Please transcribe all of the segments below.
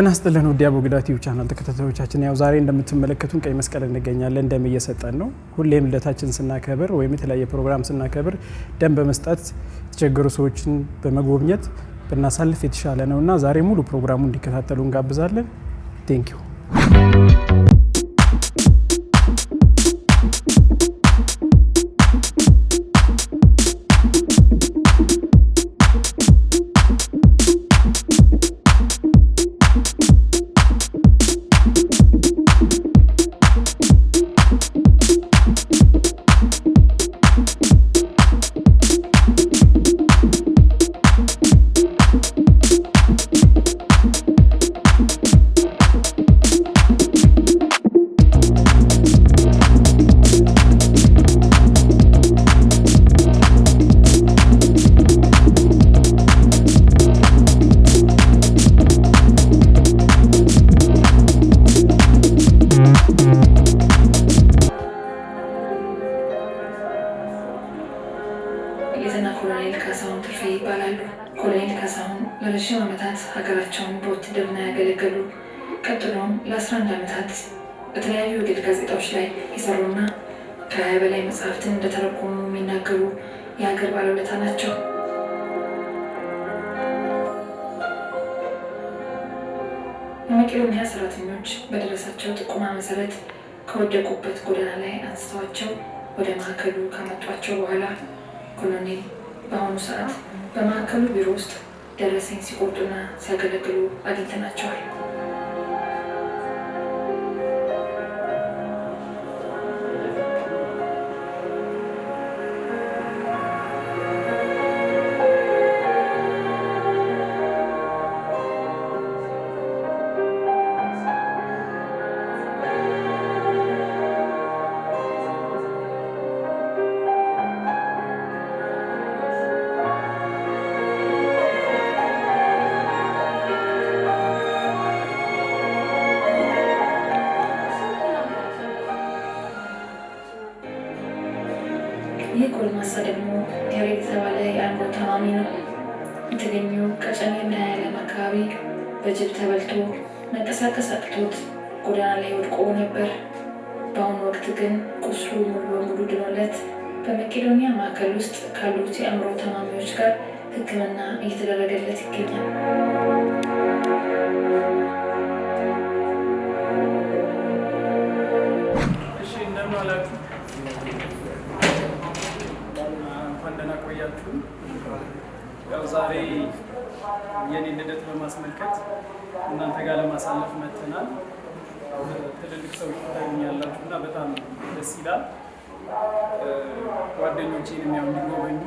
ጤና ይስጥልን ውድ የአቦጊዳ ቲዩብ ቻናል ተከታታዮቻችን፣ ያው ዛሬ እንደምትመለከቱን ቀይ መስቀል እንገኛለን። ደም እየሰጠን ነው። ሁሌም ልደታችን ስናከብር ወይም የተለያየ ፕሮግራም ስናከብር ደም በመስጠት የተቸገሩ ሰዎችን በመጎብኘት ብናሳልፍ የተሻለ ነው እና ዛሬ ሙሉ ፕሮግራሙ እንዲከታተሉ እንጋብዛለን። ቴንኪዩ የሰሩና ከሀያ በላይ መጽሐፍትን እንደተረጎሙ የሚናገሩ የሀገር ባለውለታ ናቸው። የመቄዶንያ ሰራተኞች በደረሳቸው ጥቁማ መሰረት ከወደቁበት ጎዳና ላይ አንስተዋቸው ወደ ማዕከሉ ከመጧቸው በኋላ ኮሎኔል በአሁኑ ሰዓት በማዕከሉ ቢሮ ውስጥ ደረሰኝ ሲቆርጡና ሲያገለግሉ አግኝተናቸዋል። ይህ ጎልማሳ ደግሞ ገሬ የተባለ የአንጎ ታማሚ ነው። የተገኘው ቀጨኔ መድኃኔዓለም አካባቢ በጅብ ተበልቶ መንቀሳቀስ አቅቶት ጎዳና ላይ ወድቆ ነበር። በአሁኑ ወቅት ግን ቁስሉ ሙሉ በሙሉ ድኖለት በመቄዶኒያ ማዕከል ውስጥ ካሉት የአእምሮ ታማሚዎች ጋር ሕክምና እየተደረገለት ይገኛል። ያቆያችሁ። ያው ዛሬ የኔ ልደት በማስመልከት እናንተ ጋር ለማሳለፍ መጥተናል። ትልልቅ ሰዎች ታገኛላችሁ እና በጣም ደስ ይላል። ጓደኞቼን የሚያው እንዲጎበኙ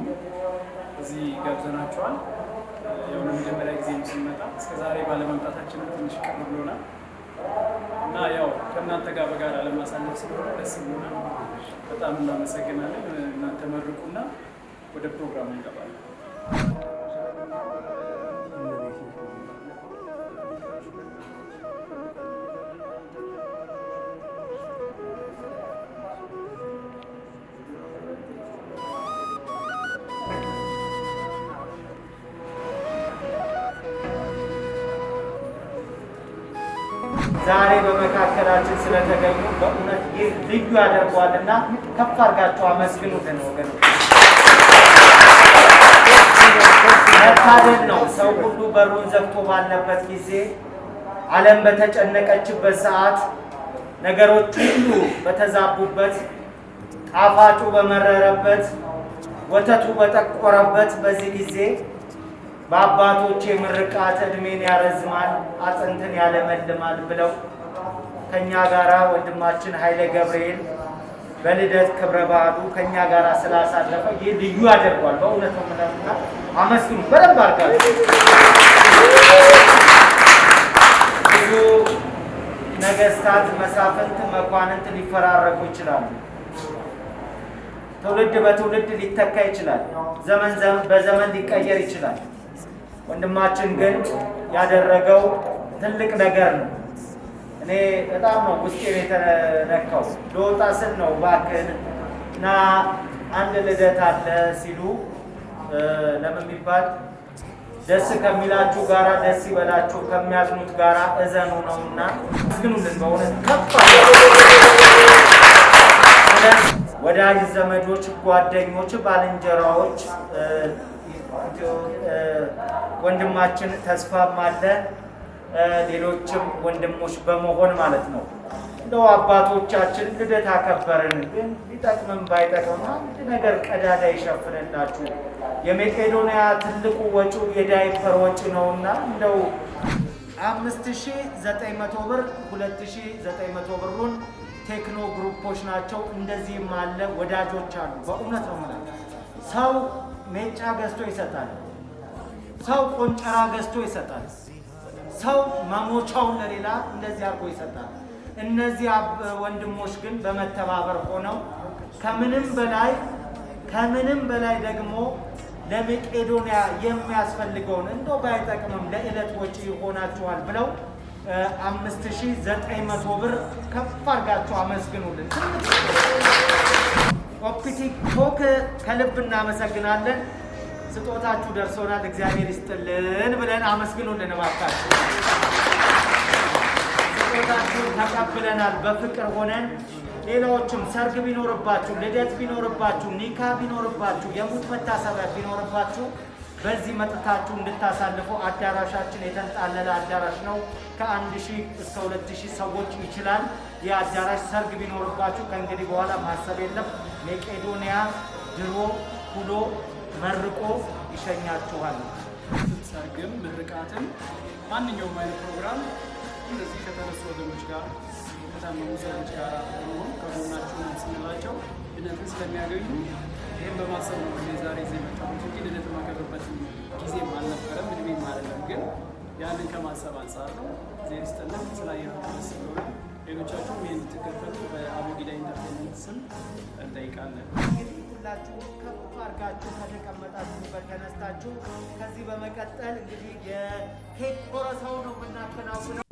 እዚህ ጋብዘናቸዋል። ያው ለመጀመሪያ ጊዜ ስንመጣ እስከ ዛሬ ባለመምጣታችን ትንሽ ቅር ብሎናል እና ያው ከእናንተ ጋር በጋራ ለማሳለፍ ስለሆነ ደስ ብሎናል። በጣም እናመሰግናለን። እናንተ መርቁና ወደ ፕሮግራም ይገባል። ዛሬ በመካከላችን ስለተገኙ በእውነት ይህ ልዩ ያደርገዋልና ከፍ አድርጋችሁ አመስግኑልን ወገኖች። መታደል ነው። ሰው ሁሉ በሩን ዘግቶ ባለበት ጊዜ፣ ዓለም በተጨነቀችበት ሰዓት፣ ነገሮች ሁሉ በተዛቡበት፣ ጣፋጩ በመረረበት፣ ወተቱ በጠቆረበት በዚህ ጊዜ በአባቶቼ ምርቃት እድሜን ያረዝማል አጥንትን ያለመልማል ብለው ከእኛ ጋር ወንድማችን ኃይለ ገብርኤል በልደት ክብረ በዓሉ ከእኛ ጋር ስላሳለፈ ይህ ልዩ ያደርጓል። በእውነት ነው አመስግኑ። በደንብ አርጋ ብዙ ነገስታት፣ መሳፍንት፣ መኳንንት ሊፈራረቁ ይችላሉ። ትውልድ በትውልድ ሊተካ ይችላል። ዘመን በዘመን ሊቀየር ይችላል። ወንድማችን ግን ያደረገው ትልቅ ነገር ነው። እኔ በጣም ነው ውስጤን የተነካው። ለወጣ ስል ነው እባክህን እና አንድ ልደት አለ ሲሉ ለምን ቢባል ደስ ከሚላችሁ ጋራ ደስ ይበላችሁ፣ ከሚያዝኑት ጋራ እዘኑ ነው እና አመስግኑልን። በእውነት ከፋ ወዳጅ ዘመዶች፣ ጓደኞች፣ ባልንጀራዎች ወንድማችን ተስፋም አለ ሌሎችም ወንድሞች በመሆን ማለት ነው። እንደው አባቶቻችን ልደት አከበርን፣ ግን ቢጠቅምም ባይጠቅም አንድ ነገር ቀዳዳ ይሸፍንላችሁ። የመቄዶንያ ትልቁ ወጪው የዳይፐር ወጪ ነውና እንደው 5900 ብር 2900 ብሩን ቴክኖ ግሩፖች ናቸው። እንደዚህም አለ ወዳጆች አሉ። በእውነት ነው ማለት ሰው ሜጫ ገዝቶ ይሰጣል። ሰው ቆንጨራ ገዝቶ ይሰጣል። ሰው መሞቻውን ለሌላ እንደዚህ አድርጎ ይሰጣል። እነዚህ ወንድሞች ግን በመተባበር ሆነው ከምንም በላይ ከምንም በላይ ደግሞ ለመቄዶንያ የሚያስፈልገውን እንደው ባይጠቅምም ለዕለት ወጪ ይሆናችኋል ብለው 5900 ብር ከፍ አድርጋችሁ አመስግኑልን። ኦፕቲኮክ ከልብ እናመሰግናለን። ስጦታችሁ ደርሶናል፣ እግዚአብሔር ይስጥልን ብለን አመስግኑልን እባካችሁ። ስጦታችሁን ተቀብለናል በፍቅር ሆነን ሌላዎችም ሰርግ ቢኖርባችሁ፣ ልደት ቢኖርባችሁ፣ ኒካ ቢኖርባችሁ፣ የሙት መታሰቢያ ቢኖርባችሁ በዚህ መጥታችሁ እንድታሳልፉ አዳራሻችን የተንጣለለ አዳራሽ ነው። ከአንድ ሺህ እስከ ሁለት ሺህ ሰዎች ይችላል። አዳራሽ። ሰርግ ቢኖርባችሁ ከእንግዲህ በኋላ ማሰብ የለም። መቄዶንያ ድሮ ኩሎ መርቆ ይሸኛችኋል። ሰርግም፣ ምርቃትም ማንኛውም አይነት ፕሮግራም እንደዚህ ከተነሱ ወገኖች ጋር ከታመሙ ሰዎች ጋር በመሆን ከጎናችሁ ስንላቸው ድነትን ስለሚያገኙ ይህም በማሰብ ነው ዛሬ ዜ መጫወት እንጂ ድነት የማከብርበት ጊዜ አልነበረም እድሜ አይደለም። ግን ያንን ከማሰብ አንጻር ነው ዜ ስጥና ስላየ ስለሆነ ሌሎቻችሁም ይህን እንድትከተሉ በአቡጊዳ ኢንተርቴንመንት ስም እንጠይቃለን። ሁላችሁ ከፍ አድርጋችሁ ከተቀመጣችሁበት ተነስታችሁ ከዚህ በመቀጠል እንግዲህ የኬክ ቆረሳው ነው የምናከናውነው።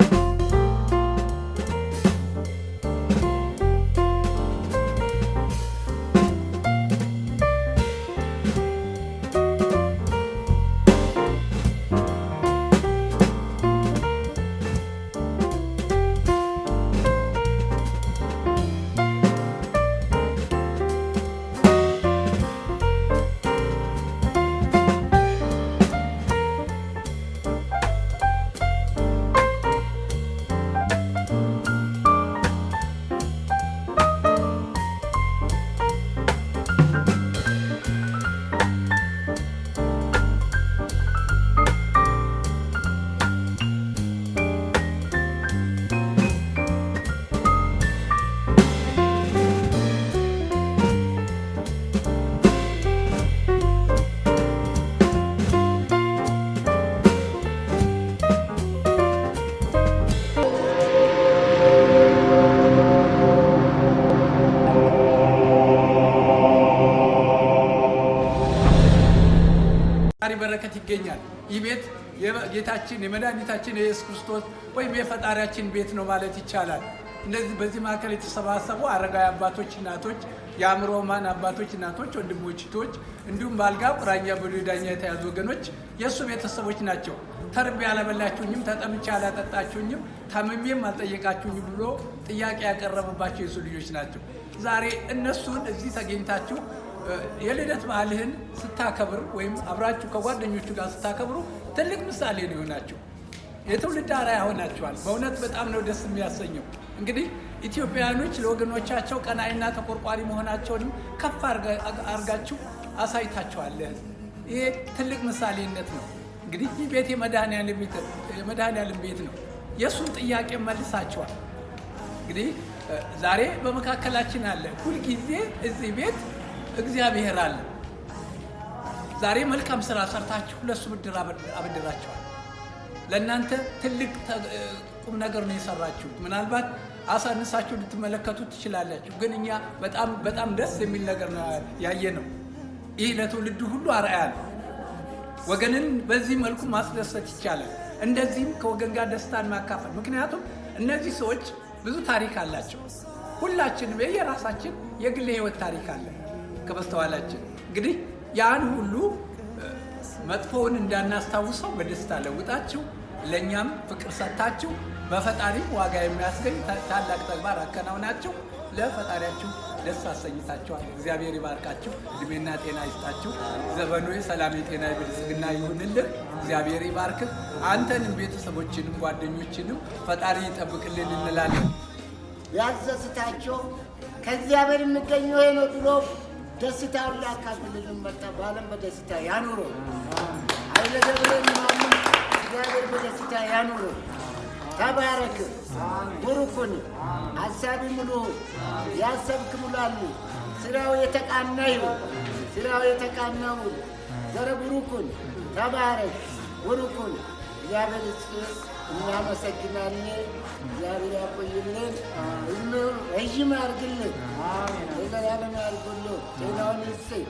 ይገኛል። ይህ ቤት የጌታችን የመድኃኒታችን የኢየሱስ ክርስቶስ ወይም የፈጣሪያችን ቤት ነው ማለት ይቻላል። እነዚህ በዚህ መካከል የተሰባሰቡ አረጋዊ አባቶች፣ እናቶች፣ የአእምሮ ማን አባቶች፣ እናቶች፣ ወንድሞች፣ እህቶች እንዲሁም በአልጋ ቁራኛ በሉ ዳኛ የተያዙ ወገኖች የእሱ ቤተሰቦች ናቸው። ተርቤ ያላበላችሁኝም፣ ተጠምቼ ያላጠጣችሁኝም፣ ታምሜም አልጠየቃችሁኝም ብሎ ጥያቄ ያቀረቡባቸው የእሱ ልጆች ናቸው። ዛሬ እነሱን እዚህ ተገኝታችሁ የልደት በዓልህን ስታከብር ወይም አብራችሁ ከጓደኞቹ ጋር ስታከብሩ ትልቅ ምሳሌ ነው የሆናችሁ። የትውልድ አርአያ ሆናችኋል። በእውነት በጣም ነው ደስ የሚያሰኘው። እንግዲህ ኢትዮጵያውያኖች ለወገኖቻቸው ቀናይና ተቆርቋሪ መሆናቸውንም ከፍ አድርጋችሁ አሳይታችኋል። ይሄ ትልቅ ምሳሌነት ነው። እንግዲህ ይህ ቤት የመድኃኔዓለም ቤት ነው። የእሱን ጥያቄ መልሳችኋል። እንግዲህ ዛሬ በመካከላችን አለ። ሁልጊዜ እዚህ ቤት እግዚአብሔር አለ። ዛሬ መልካም ስራ ሰርታችሁ ለእሱ ብድር አበድራቸዋል። ለእናንተ ትልቅ ቁም ነገር ነው የሰራችሁት። ምናልባት አሳንሳችሁ ልትመለከቱ ትችላላችሁ፣ ግን እኛ በጣም በጣም ደስ የሚል ነገር ነው ያየ ነው። ይህ ለትውልዱ ሁሉ አርአያ ነው። ወገንን በዚህ መልኩ ማስደሰት ይቻላል። እንደዚህም ከወገን ጋር ደስታን ማካፈል። ምክንያቱም እነዚህ ሰዎች ብዙ ታሪክ አላቸው። ሁላችንም የየራሳችን የግል ህይወት ታሪክ አለን። ከበስተኋላችን እንግዲህ ያን ሁሉ መጥፎውን እንዳናስታውሰው በደስታ ለውጣችሁ ለእኛም ፍቅር ሰጥታችሁ በፈጣሪም ዋጋ የሚያስገኝ ታላቅ ተግባር አከናውናችሁ ለፈጣሪያችሁ ደስ አሰኝታችኋል። እግዚአብሔር ይባርካችሁ፣ እድሜና ጤና ይስጣችሁ። ዘመኑ ሰላም፣ የጤና ብልጽግና ይሁንልን። እግዚአብሔር ይባርክህ፣ አንተንም፣ ቤተሰቦችንም፣ ጓደኞችንም ፈጣሪ ይጠብቅልን እንላለን። ያዘዝታቸው ከእግዚአብሔር የሚገኘው ይሄ ነው ብሎ ደስታ አምላክ ክልልን መጣ በዓለም በደስታ ያኑሮ አይለ ገብረ ምናምን እግዚአብሔር በደስታ ያኑሮ። ተባረክ፣ ቡሩኩን አሳቢ ሙሉ ያሰብክ ሙላሉ። ስራው የተቃና ይሁ ስራው የተቃና ይሁን። ዘረ ቡሩኩን ተባረክ፣ ቡሩኩን እግዚአብሔር እናመሰግናለን። እግዚአብሔር ያቆይልን፣ ሁሉ ረዥም ያርግልን፣ የዘላለም ያርጉልን፣ ጤናውን ይስጥ።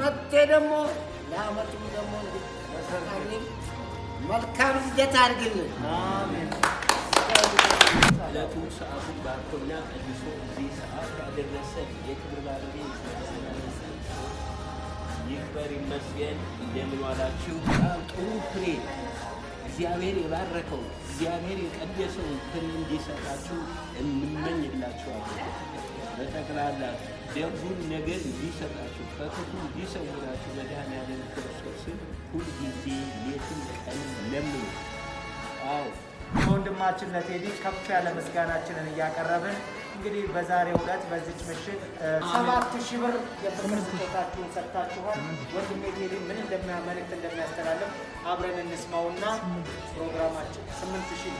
መጤ ደግሞ ለአመቱም ደግሞ መልካም ልደት አርግልን። ዕለቱ ሰዓቱን ባርኮና ቀድሶ እዚህ ሰዓት ያደረሰን የክብር ባለቤት ይክበር ይመስገን። እንደምን ዋላችሁ? ጥሩ ፍሬ እግዚአብሔር የባረከው እግዚአብሔር የቀደሰው ክን እንዲሰጣችሁ እንመኝላችኋል። በጠቅላላ ደጉን ነገር እንዲሰጣችሁ ከክፉ እንዲሰውራችሁ መድኃኔዓለም ክርስቶስን ሁልጊዜ የትም ቀን ለምኑ። አዎ ለወንድማችን ለቴዲ ከፍ ያለ ምስጋናችንን እያቀረብን እንግዲህ በዛሬው ዕለት በዚች ምሽት ሰባት ሺህ ብር የፍቅር ስጦታችሁን ሰጥታችኋል። ወንድሜ ቴዲ ምን እንደሚያመልክት እንደሚያስተላልፍ አብረን እንስማውና ፕሮግራማችን ስምንት ሺህ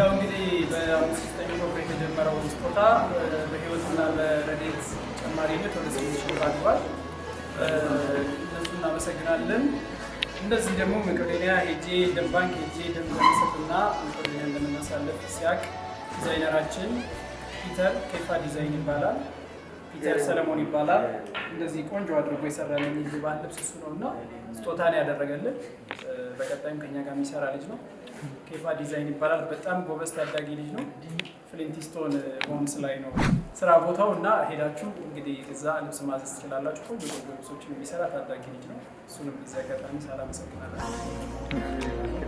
ያው እንግዲህ በአምስተኛ ወር የተጀመረው ስጦታ በህይወትና በረዴት ጨማሪነት ወደ ስምንት ሺህ ብር አድጓል። እነሱ እናመሰግናለን። እንደዚህ ደግሞ መቄዶንያ ሄጄ ደም ባንክ ሄጄ ደም በመሰጥና መቄዶንያ እንደምናሳልፍ ሲያቅ ዲዛይነራችን ፒተር ኬፋ ዲዛይን ይባላል። ፒተር ሰለሞን ይባላል። እንደዚህ ቆንጆ አድርጎ የሰራልን የባህል ልብስ እሱ ነው እና ስጦታን ያደረገልን በቀጣይም ከኛ ጋር የሚሰራ ልጅ ነው። ኬፋ ዲዛይን ይባላል። በጣም ጎበዝ ታዳጊ ልጅ ነው። ፍሊንቲስቶን ሆምስ ላይ ነው ስራ ቦታው እና ሄዳችሁ እንግዲህ እዛ ልብስ ማዘዝ ትችላላችሁ። ሁሉ ልብሶችን የሚሰራ ታዳጊ ልጅ ነው። እሱንም በዚህ አጋጣሚ ሳላመሰግናለን